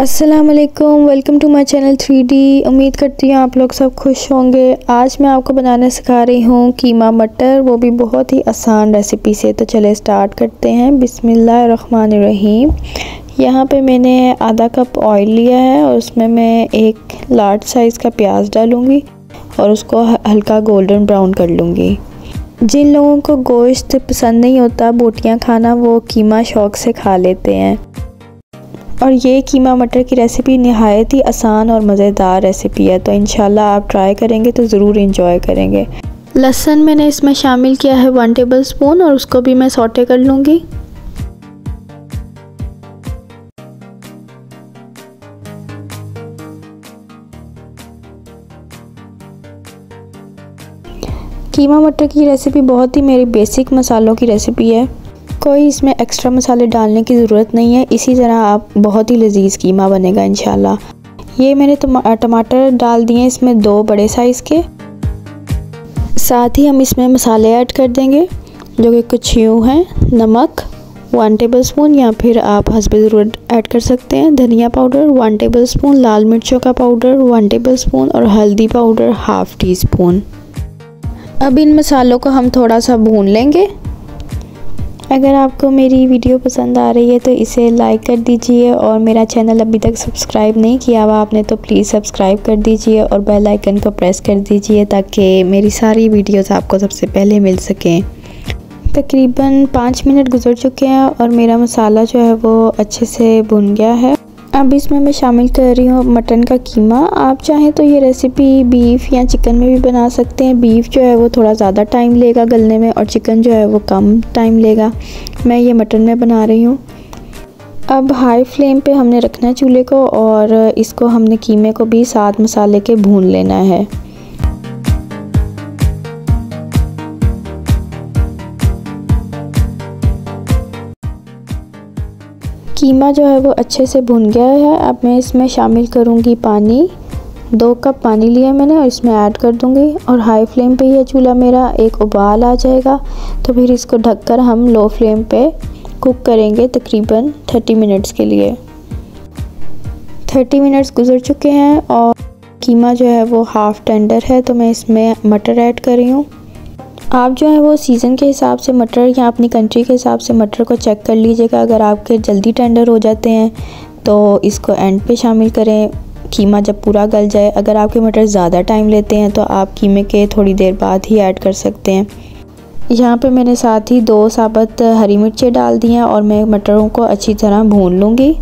अस्सलाम वालेकुम welcome to my channel 3D उम्मीद करती हूँ आप लोग सब खुश होंगे आज मैं आपको बनाना सिखा रही हूँ कीमा मटर वो भी बहुत ही आसान रेसिपी से तो चले स्टार्ट करते हैं बिसमिल्ल रहीम यहाँ पे मैंने आधा कप ऑयल लिया है और उसमें मैं एक लार्ज साइज़ का प्याज डालूँगी और उसको हल्का गोल्डन ब्राउन कर लूँगी जिन लोगों को गोश्त पसंद नहीं होता बोटियाँ खाना वो कीमा शौक से खा लेते हैं और ये कीमा मटर की रेसिपी नहायत ही आसान और मज़ेदार रेसिपी है तो इन आप ट्राई करेंगे तो ज़रूर इंजॉय करेंगे लहसन मैंने इसमें शामिल किया है वन टेबल स्पून और उसको भी मैं सोटे कर लूँगी कीमा मटर की रेसिपी बहुत ही मेरी बेसिक मसालों की रेसिपी है कोई इसमें एक्स्ट्रा मसाले डालने की ज़रूरत नहीं है इसी तरह आप बहुत ही लजीज कीमा बनेगा इन ये मैंने टमाटर डाल दिए इसमें दो बड़े साइज़ के साथ ही हम इसमें मसाले ऐड कर देंगे जो कि कुछ यूँ हैं नमक वन टेबल स्पून या फिर आप हंसब ज़रूरत ऐड कर सकते हैं धनिया पाउडर वन टेबल स्पून लाल मिर्चों का पाउडर वन टेबल स्पून और हल्दी पाउडर हाफ़ टी स्पून अब इन मसालों को हम थोड़ा सा भून लेंगे अगर आपको मेरी वीडियो पसंद आ रही है तो इसे लाइक कर दीजिए और मेरा चैनल अभी तक सब्सक्राइब नहीं किया हुआ आपने तो प्लीज़ सब्सक्राइब कर दीजिए और बेल आइकन को प्रेस कर दीजिए ताकि मेरी सारी वीडियोस आपको सबसे पहले मिल सकें तकरीबन पाँच मिनट गुजर चुके हैं और मेरा मसाला जो है वो अच्छे से भुन गया है अब इसमें मैं शामिल कर रही हूँ मटन का कीमा आप चाहें तो ये रेसिपी बीफ या चिकन में भी बना सकते हैं बीफ जो है वो थोड़ा ज़्यादा टाइम लेगा गलने में और चिकन जो है वो कम टाइम लेगा मैं ये मटन में बना रही हूँ अब हाई फ्लेम पे हमने रखना है चूल्हे को और इसको हमने कीमे को भी साथ मसाले के भून लेना है कीमा जो है वो अच्छे से भुन गया है अब मैं इसमें शामिल करूँगी पानी दो कप पानी लिया मैंने और इसमें ऐड कर दूंगी और हाई फ्लेम पे यह चूल्हा मेरा एक उबाल आ जाएगा तो फिर इसको ढककर हम लो फ्लेम पे कुक करेंगे तकरीबन 30 मिनट्स के लिए 30 मिनट्स गुजर चुके हैं और कीमा जो है वो हाफ़ टेंडर है तो मैं इसमें मटर ऐड कर रही हूँ आप जो है वो सीज़न के हिसाब से मटर या अपनी कंट्री के हिसाब से मटर को चेक कर लीजिएगा अगर आपके जल्दी टेंडर हो जाते हैं तो इसको एंड पे शामिल करें कीमा जब पूरा गल जाए अगर आपके मटर ज़्यादा टाइम लेते हैं तो आप कीमे के थोड़ी देर बाद ही ऐड कर सकते हैं यहाँ पे मैंने साथ ही दो साबत हरी मिर्चें डाल दी हैं और मैं मटरों को अच्छी तरह भून लूँगी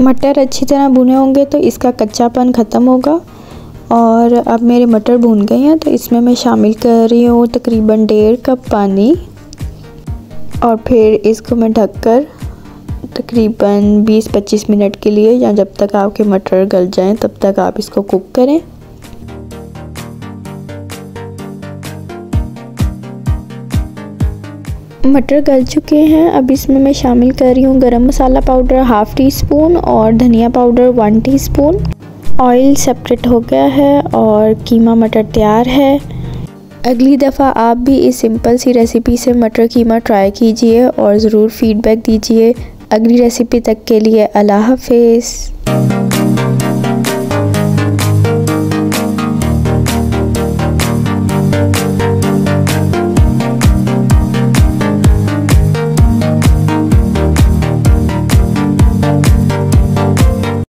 मटर अच्छी तरह भुने होंगे तो इसका कच्चापन ख़त्म होगा और अब मेरे मटर भून गए हैं तो इसमें मैं शामिल कर रही हूँ तकरीबन डेढ़ कप पानी और फिर इसको मैं ढककर तकरीबन 20-25 मिनट के लिए या जब तक आपके मटर गल जाएं तब तक आप इसको कुक करें मटर गल चुके हैं अब इसमें मैं शामिल कर रही हूँ garam masala powder half teaspoon और धनिया powder one teaspoon oil separate हो गया है और कीमा मटर तैयार है अगली दफ़ा आप भी इस सिंपल सी रेसिपी से मटर कीमा ट्राई कीजिए और ज़रूर फीडबैक दीजिए अगली रेसिपी तक के लिए अल्लाह हाफिज़